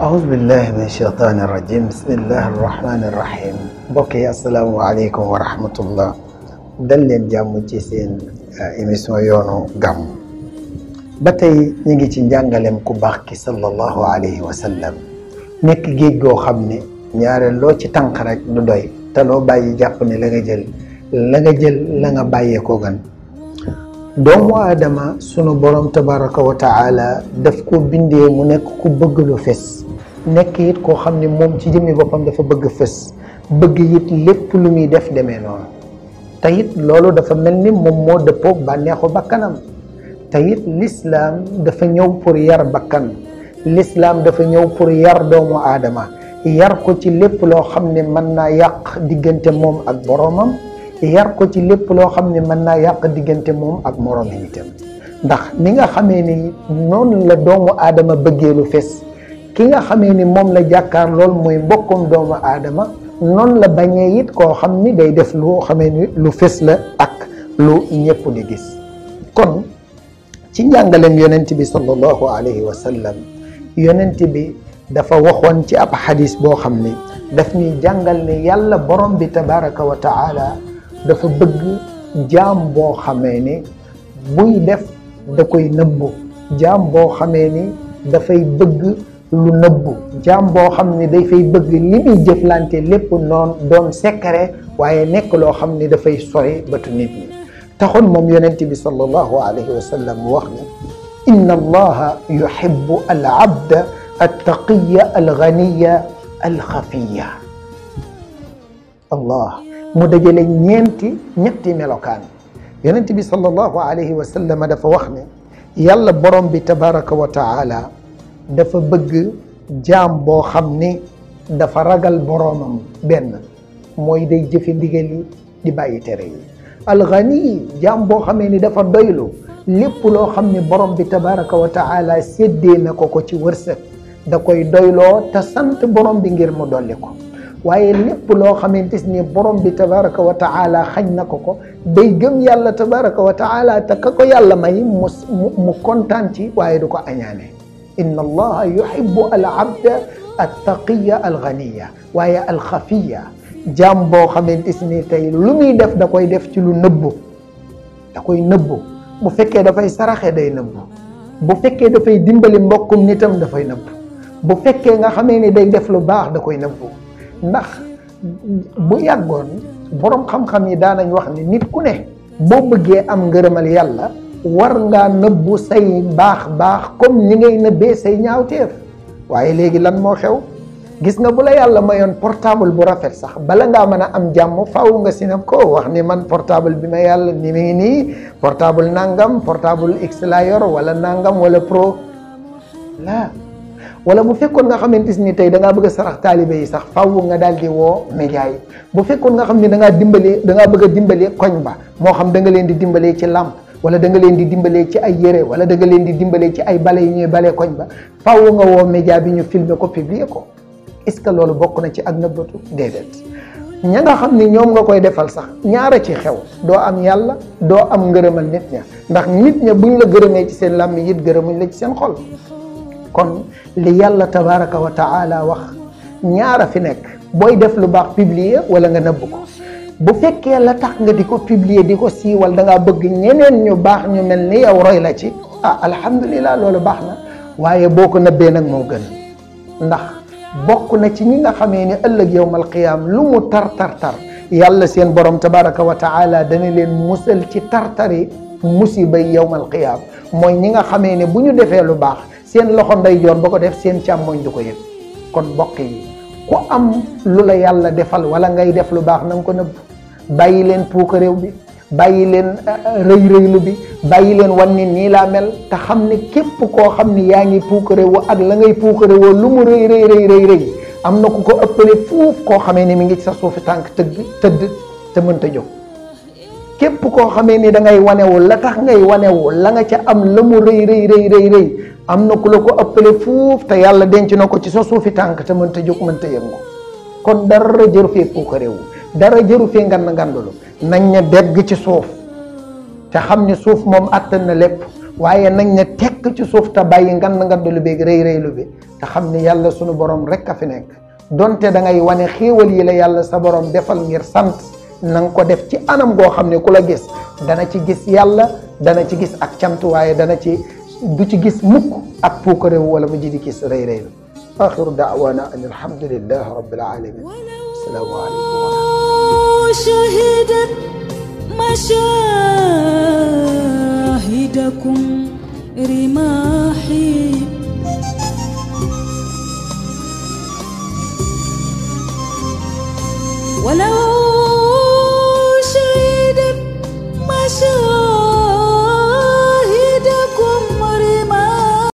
aouzu billahi min shaytaani rajim bismillahi rahmaani rahim mbokk yi asalaamualeykum wa rahmatullah dal leen jàmm ci seen eh, émission yoonu gàmm ba tey ñu ngi ci njàngaleem ku baax ki sallallahu alayhi wa sallam nekk géej goo xam ne ñaare loo ci tànk rek du doy te loo bàyyi jàpp ne la nga jël la nga jël la nga bàyyee ko gan doomu aadama sunu borom tabaraka wa taala daf ko bindee mu nekk ku bëgg lu fes nekk yit koo xam ne moom ci jëmmi boppam dafa bëgg fës bëgg it lépp lu muy def demee noonu te it loolu dafa mel ni moom moo dëppoo bànneexu bakkanam te it l'islam dafa ñëw pour yar bakkan l'islam dafa ñëw pour yar doomu aadama yar ko ci lépp loo xam ne mën naa yàq diggante moom ak boroomam yar ko ci lépp loo xam ne mën naa yàq diggante moom ak moroom ndax ni nga xamee ni noonu la doomu aadama bëggee lu fes ki nga xamee ni moom la jàkkaar lool mooy mbokkum doomu aadama noonu la bañee it koo xam ni day def loo xamee ni lu fës la ak lu ñëpp di gis kon ci njàngaleem yonent bi sallallahu alayhi wa sallam yonent bi dafa waxoon ci ab xadiis boo xam ni daf ñuy jàngal ni yàlla borom bi tabaraka wa dafa bëgg jaam boo xamee ni buy def da koy nëbbu jaam boo xamee ni dafay bëgg lu nëbbu jaam boo xam ne dafay bëgg li muy jëflante lépp noonu doon secret waaye nekk loo xam ne dafay sori bëtu nit ñi taxoon moom yonent bi sallallahu alayhi wa sallam wax ne inna allaha yuhibbu al abda attaqiya alganiya alxafiya allah mu dajale ñeenti ñetti melokaan yonent bi sallallahu alayhi wa sallam dafa wax ne yàlla borom bi tabaraka wa taala dafa bëgg jaam boo xam ni dafa ragal boroomam benn mooy day jëfe ndigal yi di bàyyi tere yi alxani yi jaam boo xamee ni dafa doylu lépp loo xam ni borom bi tabaraka wa taala séddee na ko ko ci wërsëg da koy doyloo te sant borom bi ngir mu dolli ko waaye lépp loo xamante ni borom bi tabaraka wa xaj na ko ko day gëm yàlla tabaraka wa taala te ka ko yàlla may mu mu kontaan ci waaye du ko añaane inna allaha yuhibbu al abda attaqiya al ghaniya waaye al xafiya boo xamante ni tey lu muy def da koy def ci lu nëbbu da koy nëbbu bu fekkee dafay saraxe day nëbbu bu fekkee dafay dimbali mbokkum nitam dafay nëbbu bu fekkee nga xamee ni day def lu baax da koy nëbbu ndax bu yàggoon boroom xam-xam yi daanañ wax ni nit ku ne boo bëggee am ngërëmal yàlla war ngaa nëbbu say baax baax comme ni ngay nëbbee say ñaawteef waaye léegi lan moo xew gis nga bu la yàlla mayoon portable bu rafet sax bala ngaa mën a am jàmm faaw nga sinab ko wax ni man portable bi ma yàlla ni mi ngi nii portable nangam portable x laa yor wala nangam wala pro la wala bu fekkoon nga xamante ni tey da ngaa bëgg a sarax yi sax faaw nga daal woo média bu fekkoon nga xam ne da ngaa dimbali da ngaa bëgg a dimbali koñ ba moo xam da nga leen di dimbali ci làmp wala da nga leen di dimbalee ci ay yére wala da leen di dimbalee ci ay bale yi ñuy balee koñ ba faaw nga woo média bi ñu filmer ko publier ko est-ce que loolu bokk na ci ak nëbbatu déedéet ña nga xam ni ñoom nga koy defal sax ñaara ci xew doo am yàlla doo am ngërëmal nit ña ndax nit ña buñ la gërëmee ci seen làmmiñ it gërëmuñ la ci seen xol kon li yàlla tabaraka wa taala wax ñaara fi nekk booy def lu baax publier wala nga nëbb ko bu fekkee la tax nga di ko publier di ko siiwal da ngaa bëgg ñeneen ñu baax ñu mel ni yow roy la ci ah alhamdulilah loolu baax na waaye boo ko nëbbee nag moo gën ndax bokk na ci ñi nga xamee ni ëllëg yowmal qiyaam lu mu tar tar tar yàlla seen borom tabaraka wa taala dana leen musal ci tartari musibay yowmal qiyaam mooy ñi nga xamee ne bu ñu defee lu baax seen loxo ndeyjoor ba ko def seen càmmoñ du ko yëg kon bokk yi am lu la yàlla defal wala ngay def lu baax na ko nëbb bàyyi leen puuk réew bi bàyyi leen euh, rëy rëylu bi bàyyi leen wan ni nii laa mel te xam ni képp koo xam ni yaa ngi puuk réewoo ak la ngay puuk réewoo lu mu rëy rëy rëy rëy rëy am na ku ko ëppale fuuf koo xamee ni mi ngi ci sa suufi tànk tëgg tëdd te mënta jóg képp koo xamee ni da ngay wanewu la tax ngay wanewu la nga ca am la mu rëy rëy rëy rëy rëy am na ku la ko ëppale fuuf te yàlla denc na ko ci sa suufi tànk te mënta jóg mënta yëngu kon dara jër fee puuk dara jëru fee ngand ngandalu nañ ne degg ci suuf te xam ne suuf moom attan na lépp waaye nañ na tekk ci suuf te bàyyi ngand ngandalu beeg rëy rëylu bi te xam ne yàlla sunu borom rek a fi nekk donte da ngay wane xéewal yi la yàlla sa borom defal ngir sant na nga ko def ci anam goo xam ne ku la gis dana ci gis yàlla dana ci gis ak cant waaye dana ci du ci gis mukk ak puukarewu wala mu ji di gis rëy rëylu axiru daawaana an alhamdulilah rabbil alamin assalaamu aleykum مشاهدكم رماحي ولو